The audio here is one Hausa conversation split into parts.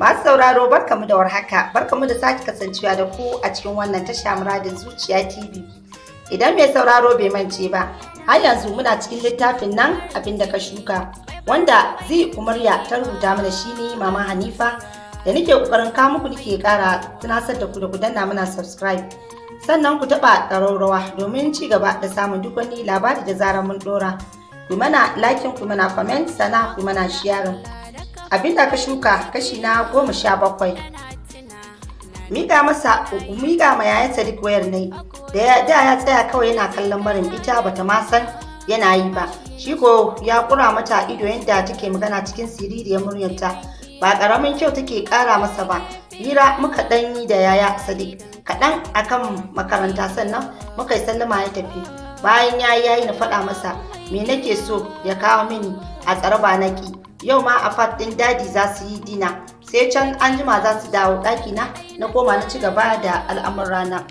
Masu sauraro barka mu da warhaka, mu da sake kasancewa da ku a cikin wannan tasha muradin zuciya TV. Idan mai sauraro bai mance ba, har yanzu muna cikin littafin nan abin da ka shuka, wanda zai umarya ta rubuta mana shi ne Mama Hanifa da nake kokarin ka muku nake kara tunasar da ku da ku danna mana subscribe. Sannan ku taɓa ɗararrawa domin ci gaba da samun duk wani labari da zarar mun ɗora. Ku mana lakin ku mana comment sana ku mana sharing. abinda ka shuka kashi na goma sha bakwai Miga masa miga ma yaya sadiq wayar ne da ya da ya tsaya kawai yana kallon barin ita bata ma san yana yi ba shi ko ya kura mata ido yadda take magana cikin ya muryarta ba karamin kyau take kara masa ba hira muka dan yi da yaya sadiq kaɗan akan makaranta sannan muka yi sallama ya tafi bayan ya yi na faɗa masa me nake so ya kawo mini a tsaraba na ki yau ma a fat ɗin dadi za su yi dina sai can an jima za su dawo ɗakina na koma na ci gaba da al'amurana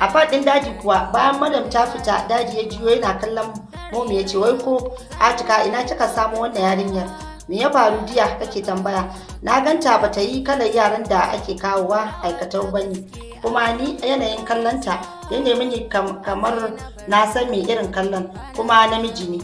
a fat ɗin dadi kuwa bayan madam ta fita dadi ya jiyo yana kallon momi ya ce wai ko atika ina kika samu wannan yarinyar me ya faru jiya kake tambaya na ganta ba ta yi kalar yaran da ake kawowa aikatau ba ne kuma ni yanayin kallonta ya nemi ni kamar na san me irin kallon kuma namiji ne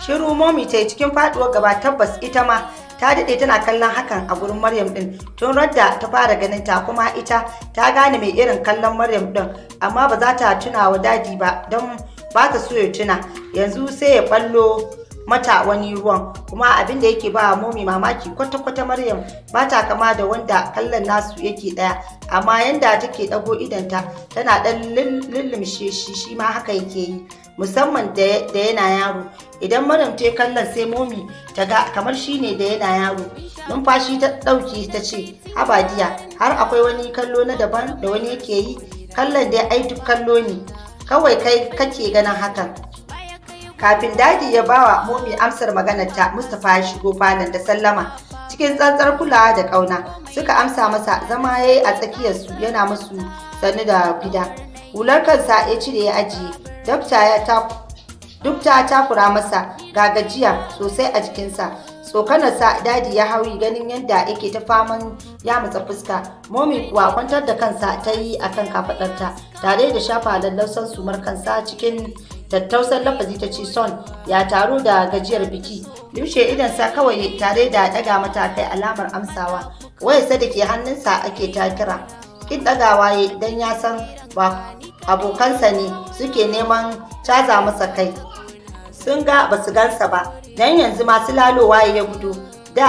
Shiru momi ta yi cikin faduwar gaba tabbas ita ma ta daɗe tana kallon hakan a gurin Maryam ɗin tun radda ta fara ganin ta kuma ita ta gane mai irin kallon Maryam ɗin amma ba za ta tuna wa daji ba don ba ta so ya tuna yanzu sai ya ballo mata wani ruwan kuma abin da yake ba momi mamaki kwata-kwata maryam ba ta kama da wanda kallon nasu yake daya amma yanda take dago idanta tana dan lullumshe shi shi ma haka yake yi musamman da yana yaro idan maryam ta kallon sai momi ta ga kamar shi ne da yana yaro numfashi ta ɗauki ta ce habadiya har akwai wani kallo na daban da wani yake yi kallon dai ai duk kallo ne kawai kai kake ganin hakan kafin dadi ya bawa momi amsar maganar ta mustapha ya shigo falon da sallama cikin tsantsar kulawa da kauna suka amsa masa zama ya yi a tsakiyarsu yana musu sannu da gida hular kansa ya cire ya ajiye dubta ta takura masa ga gajiya sosai a jikinsa tsokanarsa dadi ya hauri ganin yadda yake ta faman ya matsa fuska momi kuwa kwantar da kansa ta yi a kan kafaɗarta tare da shafa lallausan sumar kansa cikin tattausan lafazi ta ce son ya taru da gajiyar biki limshe sa kawai tare da daga matakai alamar amsawa sai da ke hannunsa ake takira kin dagawa ya dan ya san ba abokansa ne suke neman caza masa kai sun ga ba su gansa ba dan yanzu masu lalowa ya gudu da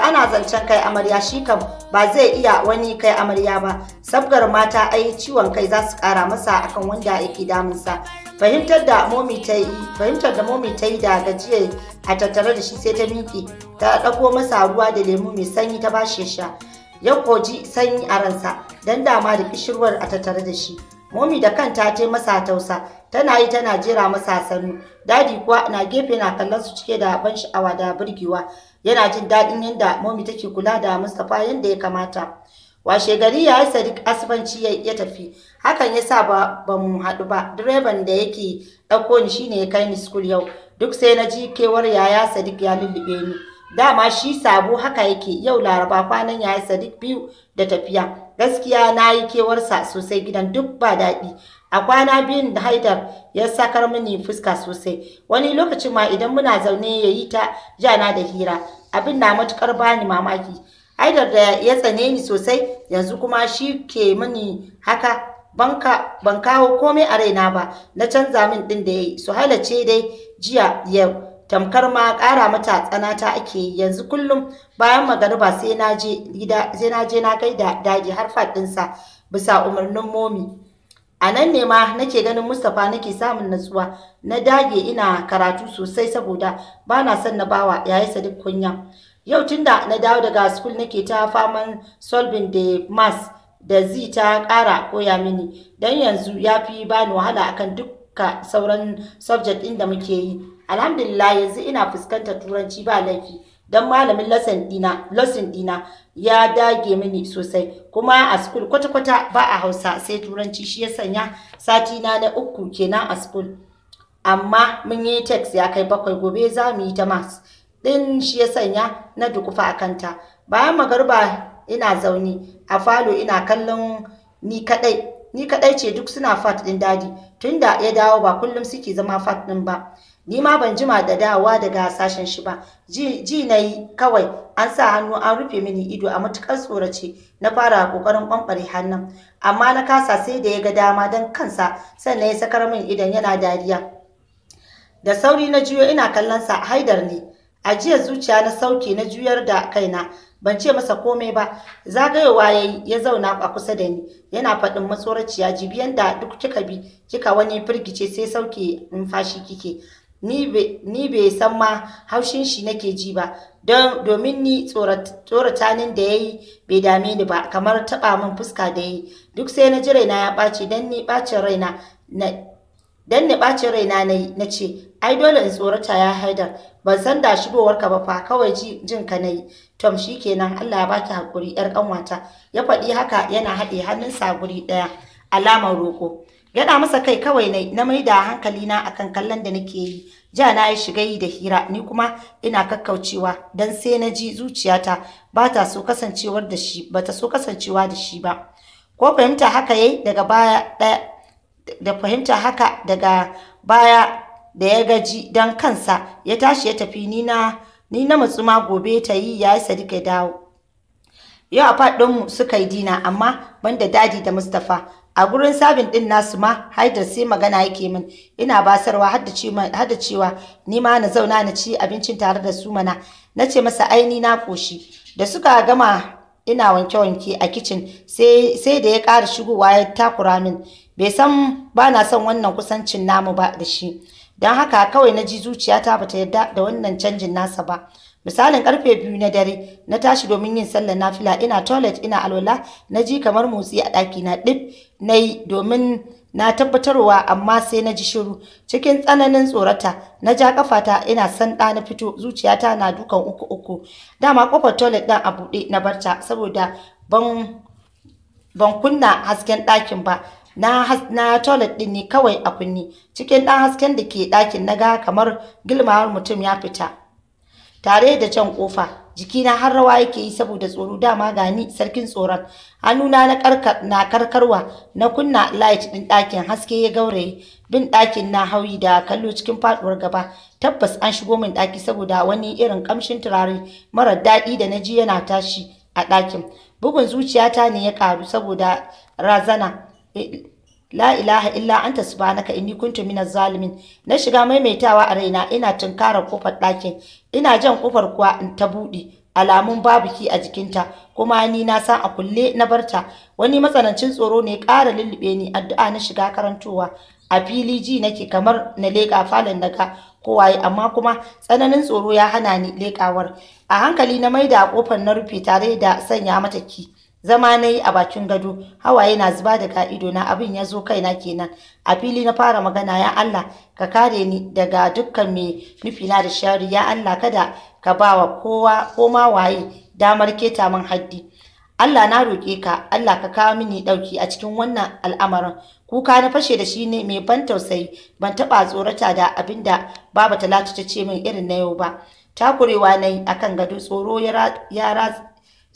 ana zancen kai amarya shi kam ba zai iya wani kai amarya ba sabgar mata ai ciwon kai za su kara masa akan wanda yake damunsa fahimtar da momi ta yi fahimtar da momi ta yi da gajiya a tattare da shi sai ta miƙe ta ɗago masa ruwa da lemu mai sanyi ta ba shi sha ya koji sanyi a ransa dan dama da kishirwar a tattare da shi momi da kanta ta masa tausa tana yi tana jera masa sannu dadi kuwa na gefe na kallon su cike da ban sha'awa da burgewa yana jin daɗin yadda momi take kula da mustapha yadda ya kamata washe gari ya yi sadiq asibanci ya tafi hakan yasa sa ba mu haɗu ba direban da yake ɗauko ni shine ya kai ni school yau duk sai na ji kewar yaya sadiq ya lullube ni dama shi sabo haka yake yau laraba kwanan yaya sadiq biyu da tafiya gaskiya na yi kewarsa sosai gidan duk ba daɗi a kwana biyun da haidar ya sakar mini fuska sosai wani lokacin ma idan muna zaune ya yi ta jana da hira abin na matukar bani mamaki Haidar da ya tsane ni sosai yanzu kuma shi ke mini haka banka ban kawo komai a raina ba na canza min din da yayi Suhaila ce dai jiya ya tamkar ma kara mata tsanata ake yanzu kullum bayan magariba sai na je gida sai na je na kai da daji har faɗinsa bisa umarnin momi a nan ne ma nake ganin mustapha nake samun natsuwa na dage ina karatu sosai saboda ba na son na bawa yayi sadiq kunya yau tun da na dawo daga school nake ta faman solving the mass da zai ta ƙara koya mini don yanzu ya fi bani wahala akan duka sauran subject ɗin da muke yi alhamdulillah yanzu ina fuskantar turanci ba laifi don malamin lesson dina ya dage mini sosai kuma a school kwata-kwata ba a hausa sai turanci shi ya sanya sati na na uku kenan a school amma mun yi text ya kai bakwai gobe za mu yi ta maths in shi ya sanya na dukufa a kanta bayan magarba ina zaune a falo ina kallon ni kadai ni kadai ce duk suna fat ɗin dadi tunda ya dawo ba kullum suke zama fat ɗin ba ni ma ban jima da dawa daga sashen shi ba ji na yi kawai an sa hannu an rufe mini ido a matukar tsorace na fara kokarin bambare hannun amma na kasa sai da ya ga dama don kansa sannan ya sakar min idan yana dariya da sauri na jiyo ina kallon sa haidar ne A jiya zuciya na sauke na juyar da kaina ban ce masa komai ba zagayowa ya yi ya zauna a kusa da ni yana faɗin matsoraciya jibiyan da duk kika bi kika wani firgice sai sauke numfashi kike ni bai san ma haushin shi nake ji ba domin ni tsoratanin da ya yi bai dame ni ba kamar taɓa min fuska da ya yi duk sai na ji raina ya ɓace, don ni ɓacin raina na don ni ɓacin raina na ce ai dole in tsorata ya haidar ban san da shigowar ka ba fa kawai jin ka nayi tom shi shikenan Allah ya baki hakuri yar kanwata ya faɗi haka yana haɗe sa guri ɗaya alamar roko yana masa kai kawai nayi na mai da hankali na akan kallon da nake yi ja na yi shiga yi da hira ni kuma ina kakkaucewa dan sai na ji zuciyata ba ta so kasancewar da shi ba ta so kasancewa da shi ba ko fahimta haka yayi daga baya da fahimta haka daga baya da ya gaji don kansa ya tashi ya tafi ni na ni na matsuma gobe ta yi ya yi sadiq ya dawo yau a faɗinmu suka yi dina amma ban da dadi da mustapha a gurin sabin din nasu ma haidar sai magana yake min ina basarwa har da cewa ni ma na zauna na ci abincin tare da su mana na ce masa aini na koshi da suka gama ina wanke-wanke a kicin sai da ya ƙara shigowa ya takura min bai san ba na son wannan kusancin namu ba da shi don haka kawai na ji zuciyata bata yarda da wannan canjin nasa ba misalin karfe biyu na dare na tashi domin yin sallar nafila ina toilet ina alwala na ji kamar motsi a ɗaki na ɗib na yi domin na tabbatarwa amma sai na ji shiru cikin tsananin tsorata na ja kafata ina san ɗa na fito zuciyata na dukan uku uku dama kofar toilet ɗin a buɗe na barta saboda ban ban kunna hasken ɗakin ba na toilet ɗin ne kawai a kunni cikin ɗan hasken da ke ɗakin na ga kamar gilmawar mutum ya fita tare da can kofa jiki na har rawa yake yi saboda tsoro dama gani sarkin tsoron hannuna na karkarwa na kunna light ɗin ɗakin haske ya gauraye bin ɗakin na hauyi da kallo cikin faɗuwar gaba tabbas an shigo min ɗaki saboda wani irin ƙamshin turare mara daɗi da na ji yana tashi a ɗakin bugun zuciyata ne ya karu saboda razana la ilaha illa anta subhanaka inni kuntu minaz zalimin na shiga maimaitawa a raina ina tunkarar kofar ɗakin ina jan kofar kuwa in ta buɗe alamun babu ki a jikinta kuma ni na san a kulle na barta wani matsanancin tsoro ne ƙara lullube ni addu'a na shiga karantowa a fili ji nake kamar na leƙa falon daga kowaye amma kuma tsananin tsoro ya hana ni leƙawar a hankali na maida kofar na rufe tare da sanya mata ki zama na yi a bakin gado hawaye na zuba daga idona abin ya zo kaina kenan a fili na fara magana ya Allah ka kare ni daga dukkan mai nufi na da shari ya Allah kada ka ba wa kowa ko ma waye damar keta min haddi Allah na roƙe ka Allah ka kawo mini ɗauki a cikin wannan al'amarin kuka na fashe da shi ne mai ban tausayi ban taɓa tsorata da abin da baba talatu ta ce min irin na yau ba takurewa na yi akan gado tsoro ya ratsa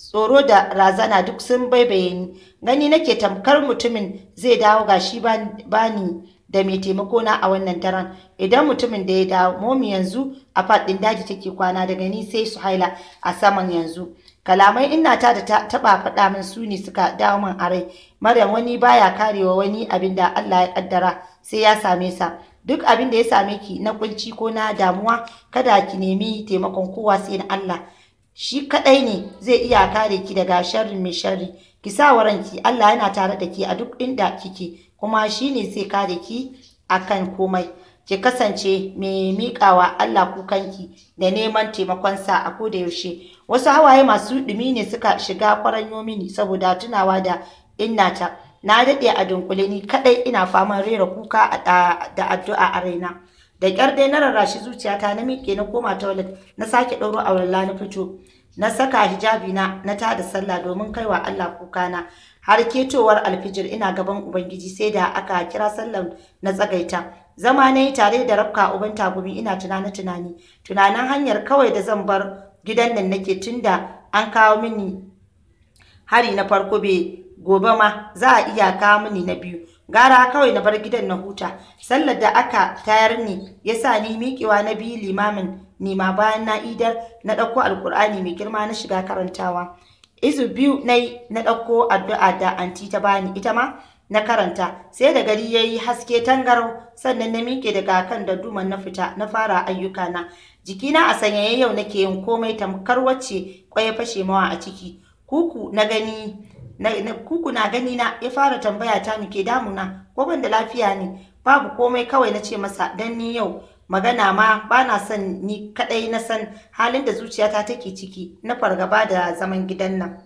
tsoro da razana duk sun baibaye ni gani nake tamkar mutumin zai dawo ga shi bani da mai taimako na a wannan daren idan mutumin da ya dawo momi yanzu a faɗin daji take kwana daga ni sai su haila a saman yanzu kalamai ina ta da taɓa faɗa min su ne suka dawo min a rai maryam wani baya karewa wani abin da allah ya ƙaddara sai ya same sa duk abin da ya same ki na kunci ko na damuwa kada ki nemi taimakon kowa sai na allah shi kaɗai ne zai iya kare ki daga sharrin mai sharri ki sa wa ranki Allah yana tare da ki a duk inda kike kuma shi ne zai kare ki kan komai ki kasance mai miƙawa Allah kukanki da neman taimakonsa a ko da yaushe wasu hawaye masu ɗumi ne suka shiga kwaranyo mini saboda tunawa da innata na daɗe a dunkule ni kaɗai ina faman rera kuka da addu'a a raina da kyar dai na rarrashi zuciyata na miƙe na koma toilet na sake ɗauro aurella na fito na saka hijabi na na tada sallah domin kai wa Allah kukana har ketowar alfijir ina gaban ubangiji sai da aka kira sallar na tsagaita zama na yi tare da rafka uban tagumi ina tunani tunani tunanin hanyar kawai da zan bar gidan nan nake tunda an kawo mini hari na farko bai gobe ma za a iya kawo mini na biyu gara kawai na bar gidan na huta sallar da aka tayar ni ya sa ni miƙewa na biyu limamin nima bayan na idar na ɗauko alƙur'ani mai girma na shiga karantawa izu biyu na na ɗauko addu'a da anti ta bani ita ma na karanta sai da gari ya yi haske tangarau sannan na miƙe daga kan da duman na fita na fara ayyukana jikina a sanyaye yau nake yin komai tamkar wacce kwai fashe mawa a ciki kuku na gani na kukuna gani na ya fara tambaya ta ke damuna ko ban da lafiya ne babu komai kawai na ce masa dan ni yau magana ma ba na son ni kadai na san halin da zuciyata take ciki na fargaba da zaman gidan nan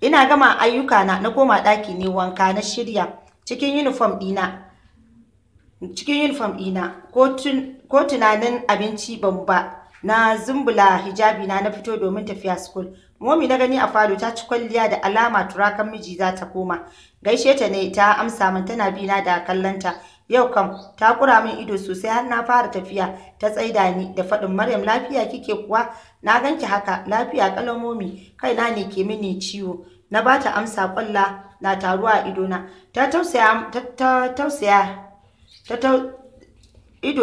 ina gama ayyuka na na koma ɗaki ne wanka na shirya cikin uniform ɗina cikin uniform ɗina ko tunanin abinci ban ba na zumbula hijabi na na fito domin tafiya school Momi na gani a falo ta ci kwalliya da alama turakan miji za ta koma. Gaishe ta ne ta amsa min tana bina na da kallanta. Yau kam ta kura min ido sosai har na fara tafiya ta tsaida ni da faɗin Maryam lafiya kike kuwa na ganki haka lafiya kalan momi kaina ne ke mini ciwo. Na ba ta amsa kwalla na taruwa a idona. Ta tausaya ta tausaya ta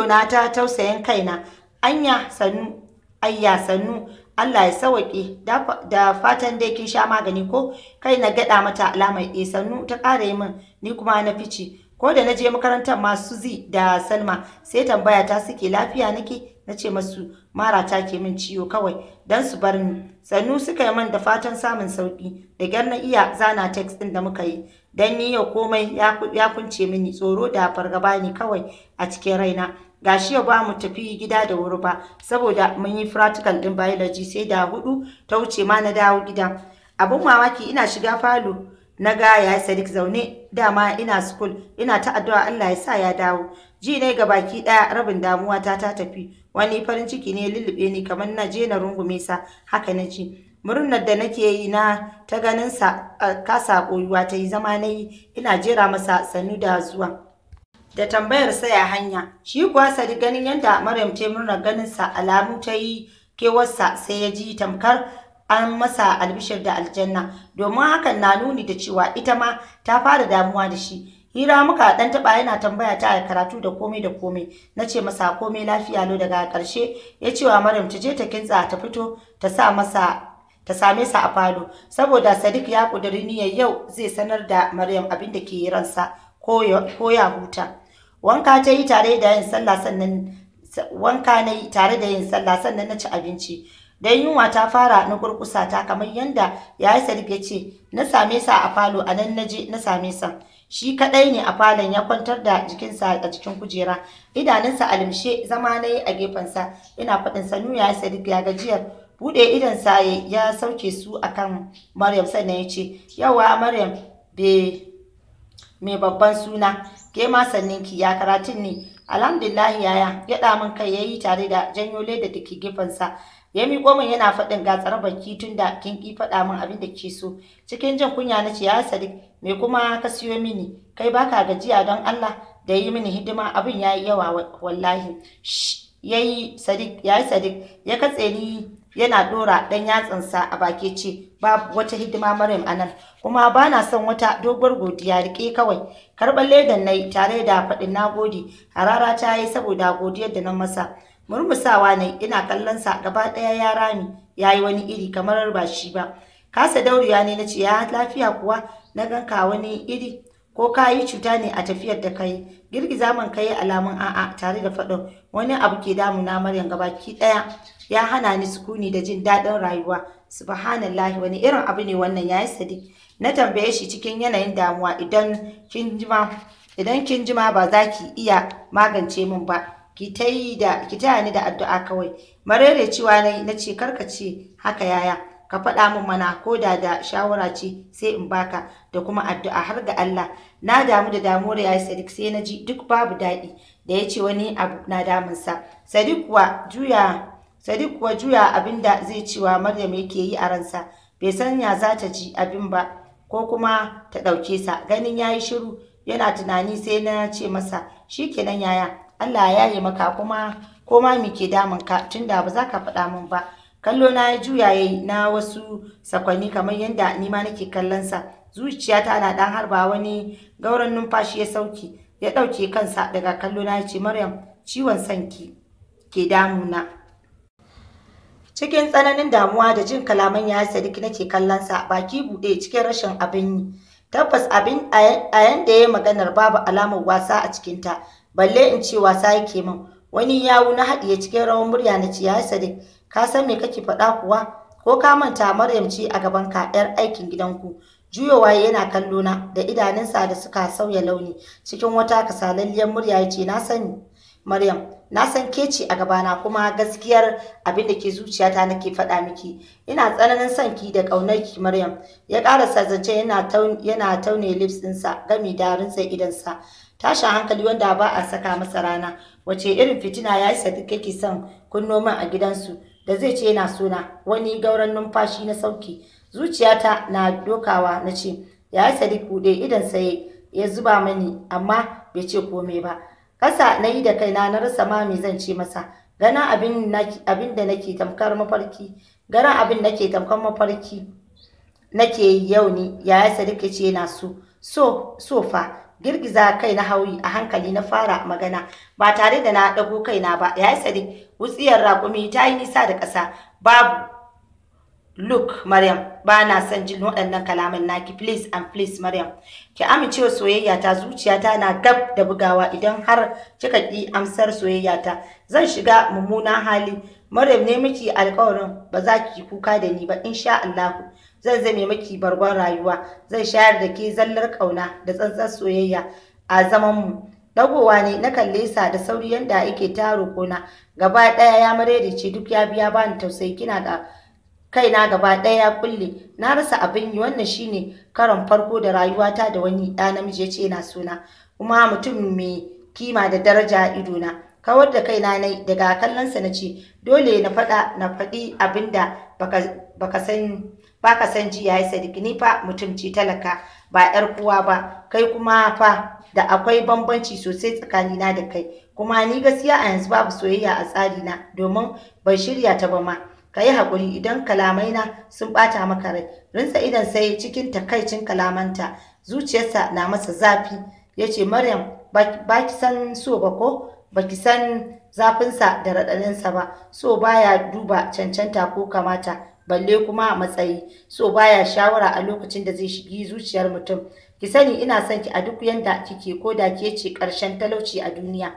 na ta tausayin kaina. Anya sanu ayya sannu Allah ya sawaƙe da fatan dai kin sha magani ko kai na gaɗa mata alamar e eh, sannu ta ƙara yi min ni kuma na fice ko da na je makarantar masu zi da salma sai tambaya ta suke lafiya nake na ce masu mara ta ke min ciwo kawai don su bar ni sannu suka yi min da fatan samun sauƙi da gyar iya zana text ɗin da muka yi don ni yau komai ya kunce mini tsoro da fargaba ne kawai a cikin raina gashi yau ba mu tafi gida da wuri ba saboda mun yi practical din biology sai da hudu ta wuce ma na dawo gida abun mamaki ina shiga falo na ga ya Sadiq zaune dama ina school ina ta addu'a Allah ya sa ya dawo ji ne ga baki daya rabin damuwa ta ta tafi wani farin ciki ne lullube ni kamar na je na rungume sa haka na ji murnar da nake yi na ta ganin sa kasa koyuwa ta yi zama na yi ina jera masa sannu da zuwa da tambayar saya hanya shi kuwa sadi ganin yadda maryam ta murna ganin sa alamu ta yi kewarsa sai ya ji tamkar an masa albishir da aljanna domin hakan na nuni da cewa ita ma ta fara damuwa da shi hira muka dan taba yana tambaya ta karatu da komai da komai na ce masa komai lafiya lo daga karshe ya ce wa maryam ta je ta kintsa ta fito ta sa masa ta same sa a falo saboda sadiq ya kudiri niyyar yau zai sanar da maryam abin da ke ransa ko ya huta wanka ta yi tare da yin sallah sannan wanka na yi tare da yin sallah sannan na ci abinci Dan yunwa ta fara na kurkusa ta kamar yadda ya yi sarif ya ce na same sa a falo a nan naje na same sa shi kadai ne a falon ya kwantar da jikinsa a cikin kujera idanunsa a zama na yi a gefensa ina faɗin sanu ya yi sarif ya gajiyar buɗe sa ya sauke su akan maryam sannan ya ce yawa maryam be mai babban suna ke ma ki? ya karatun ne alhamdulillah yaya ya damun min kai yi tare da janyo leda da ke gefensa ya miƙo min yana faɗin gatsar baki tun da kin ki faɗa min abin da ke so cikin jin kunya na ce ya sadi, me kuma ka siyo mini kai baka gajiya don allah da yi mini hidima abin ya yi yawa wallahi yayi sadiq yayi yi sadiq ya katse ni yana dora dan yatsansa a baki ce babu wata hidima Maryam anan kuma ba na son wata doguwar godiya rike kawai karɓar ledan nai tare da faɗin nagodi, harara ta yi saboda godiyar da na masa murmusawa ne ina kallon sa gaba ɗaya ya rami ya yi wani iri kamar ba shi ba kasa dauriya ne na ce ya lafiya kuwa na ganka wani iri ko ka yi cuta ne a tafiyar da kai? yi girgiza man ka alamun a'a tare da faɗin wani abu ke damuna maryam ki ɗaya ya hana ni sukuni da jin daɗin rayuwa subhanallahi wani irin abu ne wannan yayi sadiq na tambaye shi cikin yanayin damuwa idan kin jima idan kin jima ba za ki iya magance min ba ki tayi da ki taya ni da addu'a kawai marere cewa na ce karkace ce haka yaya ka faɗa min mana ko da da shawara ce sai in baka da kuma addu'a har ga Allah na damu da damuwar yayi Sadiq sai na ji duk babu daɗi da yace wani abu na damunsa Sadiq kuwa juya Sadiq kuwa juya abinda zai cewa Maryam yake yi a ransa bai sanya za ta ji abin ba ko kuma ta ɗauke sa ganin yayi shiru yana tunani sai na ce masa shikenan yaya Allah ya yi maka kuma ko ma me damun ka tunda ba za ka faɗa min ba kallo na ya juya yayi na wasu sakwanni kamar yadda ni ma nake kallon sa zuciyata na dan harba wani gauran numfashi ya sauki ya dauke kansa daga kallo na ya ce Maryam ciwon sanki ke damu, na." cikin tsananin damuwa da jin kalaman ya sadiki nake kallon sa baki buɗe cikin rashin abin yi tabbas abin a yanda ya maganar babu alamar wasa a cikinta balle in ce wasa yake min wani yawu na haɗiye cikin rawan murya na ciya sadiq ka san me kake faɗa kuwa ko ka manta maryam ce a gaban ka aikin gidanku juyowa yana kallo na da idanunsa da suka sauya launi cikin wata kasalalliyar murya ya ce na sani maryam na san ke ce a gabana kuma gaskiyar abin da ke zuciyata nake faɗa miki ina tsananin son ki da ƙaunar ki maryam ya ƙara sazance yana yana taune lips ɗinsa gami da rinsa idansa tashin hankali wanda ba a saka masa rana wace irin fitina ya isa duk kake son kunno min a gidansu da zai ce yana suna wani gauran numfashi na sauki zuciyata na dokawa na ce ya yi duk buɗe idan sai ya zuba mani amma bai ce komai ba kasa na yi da kaina na rasa ma me zan ce masa gana abin da nake tamkar mafarki gana abin nake tamkar mafarki nake yau ne yaya sadiq ya ce yana so so so fa girgiza kai na hauyi a hankali na fara magana ba tare da na kai kaina ba ya yi tsari wutsiyar raƙumi ta yi nisa da ƙasa babu Look, Maryam, ba na son jin waɗannan kalaman naki, please and please, Maryam. Ki amincewa soyayya ta zuciya ta na gab da bugawa idan har kika ki amsar soyayya ta. Zan shiga mummunan hali. Maryam ne miki alƙawarin ba za ki kuka da ni ba insha Allah. zan zame maki bargon rayuwa zan shayar da ke zallar ƙauna da tsantsar soyayya a zaman mu dagowa ne na kalle sa da sauri yanda yake taro kona gaba ɗaya ya mare da ce duk ya biya bani tausayi kina ga kaina gaba ɗaya ya kulle na rasa abin yi wannan shine karon farko da rayuwa ta da wani ɗa namiji ya ce na suna kuma mutum mai kima da daraja a idona kawar da kaina na daga kallonsa na ce dole na faɗa na faɗi abin da baka sani ba ka san ji yayi sadiki ni fa mutum ce talaka ba yar kuwa ba kai kuma fa da akwai bambanci sosai tsakanina da kai kuma ni gaskiya a yanzu babu soyayya a tsarina domin ban shirya ta ba ma ka yi haƙuri idan kalamaina sun bata maka rai rinsa idan sai cikin takaicin kalamanta zuciyarsa na masa zafi ya ce maryam ba ki san so ba ko ba ki san zafinsa da raɗaninsa ba so baya duba cancanta ko kamata balle kuma a matsayi so baya shawara a lokacin da zai shigi zuciyar mutum ki sani ina son ki a duk yanda kike ko da ke ce karshen talauci a duniya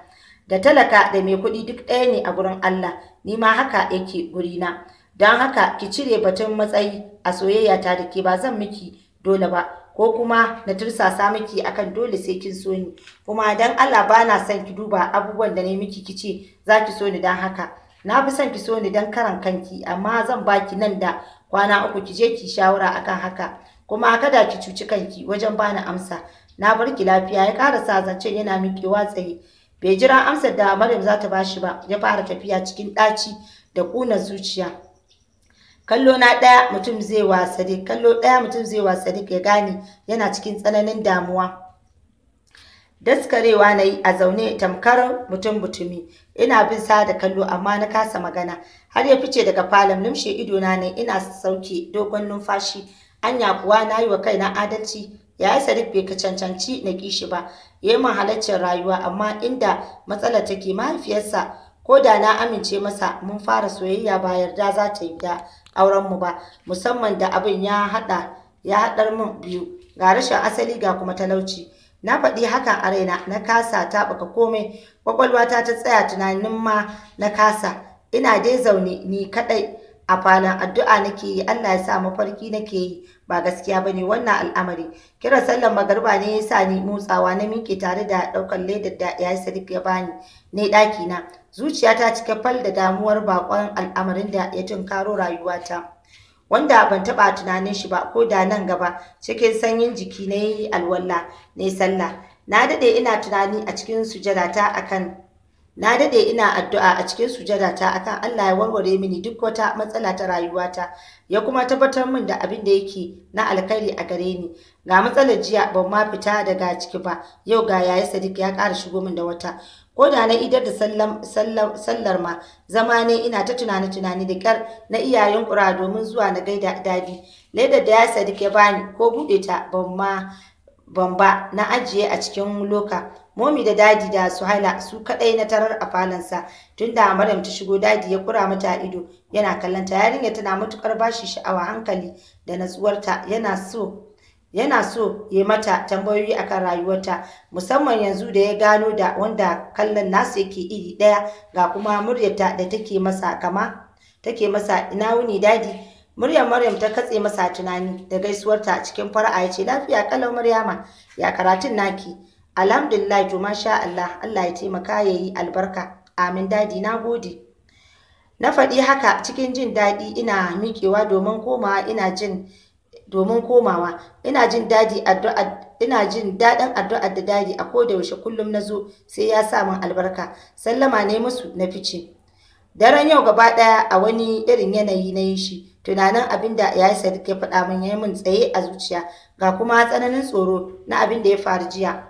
da talaka da mai kuɗi duk ɗaya ne a gurin Allah ni ma haka yake gurina don haka ki cire batun matsayi a soyayya ta da ke ba zan miki dole ba ko kuma na tursasa miki akan dole sai kin so ni kuma dan Allah bana son ki duba abubuwan da ne miki kice za ki so ni dan haka na fi son ki so ni dan karan kanki amma zan baki nan da kwana uku ki je ki shawara akan haka kuma kada ki cuci kanki wajen bani amsa na bar ki lafiya ya sa zance yana miƙewa tsaye bai jira amsar da Maryam za ta bashi ba ya fara tafiya cikin ɗaci da ƙuna zuciya kallo na ɗaya mutum zai wasa dai kallo ɗaya mutum zai wasa dai ya gane yana cikin tsananin damuwa daskarewa na yi a zaune tamkar mutum mutumi ina bin sa da kallo amma na kasa magana har ya fice daga falon numshe idona ne ina sauke dogon numfashi anya kuwa na yi wa kaina adalci ya yi sadiq bai ka cancanci na kishi ba ya yi halaccin rayuwa amma inda matsala take mahaifiyarsa ko da na amince masa mun fara soyayya ba yarda za ta yi da aurenmu ba musamman da abin ya haɗa ya haɗar mun biyu ga rashin asali ga kuma talauci na faɗi haka a raina na kasa ta baka komai Ƙwaƙwalwata ta tsaya tunanin ma na kasa ina dai zaune ni kaɗai a falon addu'a nake yi Allah ya sa mafarki nake yi ba gaskiya bane wannan al'amari kira sallar magarba ne ya sa ni motsawa na miƙe tare da ɗaukar ledar da ya sarif ya bani ne ɗaki na ta cike fal da damuwar bakon al'amarin da ya tunkaro rayuwata wanda ban taɓa tunanin shi ba ko da nan gaba cikin sanyin jiki na yi alwala ne sallah na daɗe ina tunani a cikin ta akan na daɗe ina addu'a a cikin sujadata akan Allah ya warware mini duk wata matsala ta rayuwata ya kuma tabbatar min da abin da yake na alkhairi a gare ni ga matsalar jiya ban ma fita daga ciki ba yau ga yayi Sadiq ya ƙara shigo min da wata ko da na idar da sallar ma zama ne ina ta tunani tunani da kyar na iyayen kura domin zuwa na gaida dadi ledar da ya sadiq ya bani ko bude ta bamba na ajiye a cikin loka momi da dadi da su haila su kadai na tarar a falansa tunda maryam ta shigo dadi ya kura mata ido yana kallon ta yarinya tana matukar bashi sha'awa hankali da natsuwarta yana so yana so ya mata tambayoyi akan rayuwarta musamman yanzu da ya gano da wanda kallon nasu yake iri ɗaya ga kuma muryarta da take masa kama take masa ina wuni dadi muryar maryam ta katse masa tunani da gaisuwarta cikin fara'a ya ce lafiya kalau maryama ya karatun naki alhamdulillah to masha Allah Allah ya taimaka ya yi albarka amin dadi na gode na faɗi haka cikin jin daɗi ina miƙewa domin komawa ina jin domin komawa. Ina jin daɗin addu'a da Dadi a koda yaushe kullum na zo sai ya sa min albarka. Sallama ne musu na fice. Daren yau gaba ɗaya a wani irin yanayi na yi shi, tunanin abin da ya Sadiq ya faɗa min ya mun tsaye a zuciya, ga kuma tsananin tsoro na abin da ya faru jiya.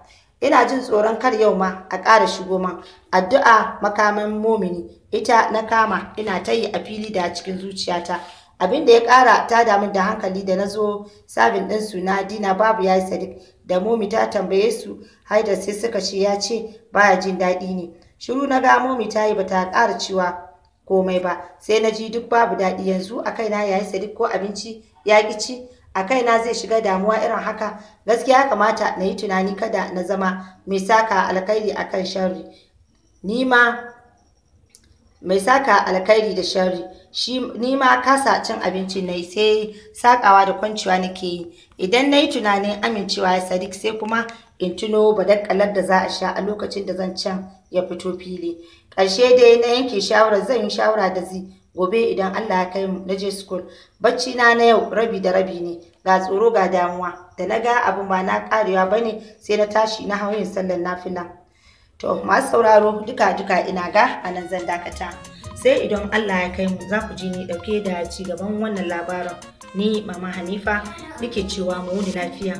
Ina jin tsoron kar yau ma a ƙara shigo man. Addu'a makaman momini, ita na kama ina ta yi a fili da cikin zuciyata. abin da ya ƙara ta damun da hankali da na zo sabin ɗin su na dina babu yayi yi sadiq da momi ta tambaye su haida sai suka ce ya ce baya jin daɗi ne shiru na ga momi ta yi bata ƙara cewa komai ba sai na ji duk babu daɗi yanzu a kaina ya yi sadiq ko abinci ya ƙi ci a kaina zai shiga damuwa irin haka gaskiya kamata na yi tunani kada na zama mai saka alkhairi akan sharri ni ma mai saka alkhairi da sharri shi ni ma kasa cin abinci nai sai sakawa da kwanciwa nake yi idan na tunanin amincewa ya sadik sai kuma in tuno badakkalar da za a sha a lokacin da zan can ya fito fili ƙarshe dai na yanke shawara zan yi shawara da zi gobe idan Allah ya kai mu naje je school bacci na na yau rabi da rabi ne ga tsoro ga damuwa da na ga abin ba na karewa bane sai na tashi na yin sallar nafila to masu sauraro duka duka ina ga anan zan dakata sai idan Allah ya kai mu za ku ji ni dauke da ci gaban wannan labarin ni mama Hanifa nake cewa mu wuni lafiya